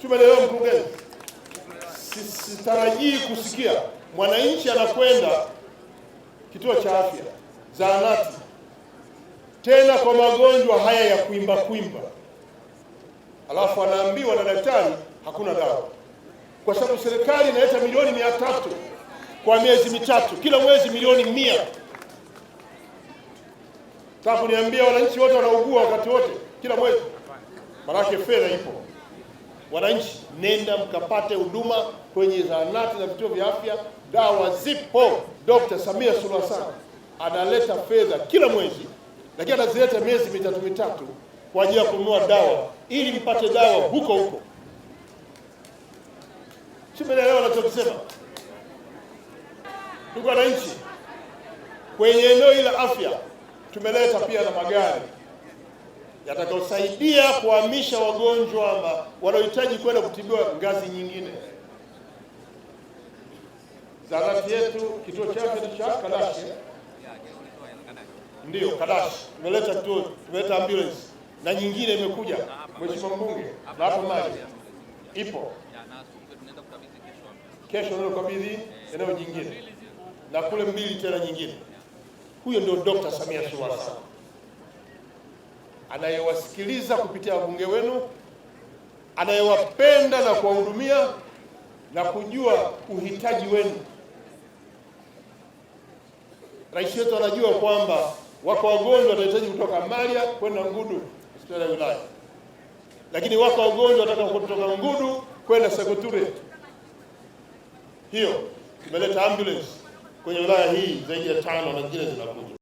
Simelelewa mkurugenzi, sitarajii kusikia mwananchi anakwenda kituo cha afya, zahanati, tena kwa magonjwa haya ya kuimba kuimba, alafu anaambiwa na daktari hakuna dawa, kwa sababu serikali inaleta milioni mia tatu kwa miezi mitatu, kila mwezi milioni mia. Nataka kuniambia wananchi wote wanaugua wakati wote kila mwezi, maanake fedha ipo. Wananchi, nenda mkapate huduma kwenye zahanati na vituo vya afya, dawa zipo. Dr. Samia Suluhu Hassan analeta fedha kila mwezi, lakini anazileta miezi mitatu mitatu kwa ajili ya kununua dawa ili mpate dawa huko huko. Simeelewa nachokisema, ndugu wananchi. Kwenye eneo hili la afya tumeleta pia na magari yatakayosaidia kuhamisha wagonjwa wanaohitaji kwenda kutibiwa ngazi nyingine. Zahanati yetu kituo chake ni cha Kadashi, ndiyo Kadashi tumeleta kituo, imeleta ambulance na nyingine imekuja, mheshimiwa mbunge, na hapo mali ipo kesho nalokabidhi eneo jingine na kule mbili tena nyingine. Huyo ndio Dr. Samia Suluhu Hassan anayewasikiliza kupitia wabunge wenu, anayewapenda na kuwahudumia na kujua uhitaji wenu. Rais wetu anajua kwamba wako wagonjwa wanahitaji kutoka Maria kwenda Ngudu hospitali ya wilaya, lakini wako wagonjwa wanataka kutoka Ngudu kwenda Sekoture. Hiyo tumeleta ambulance kwenye wilaya hii zaidi ya tano na zingine zinakuja.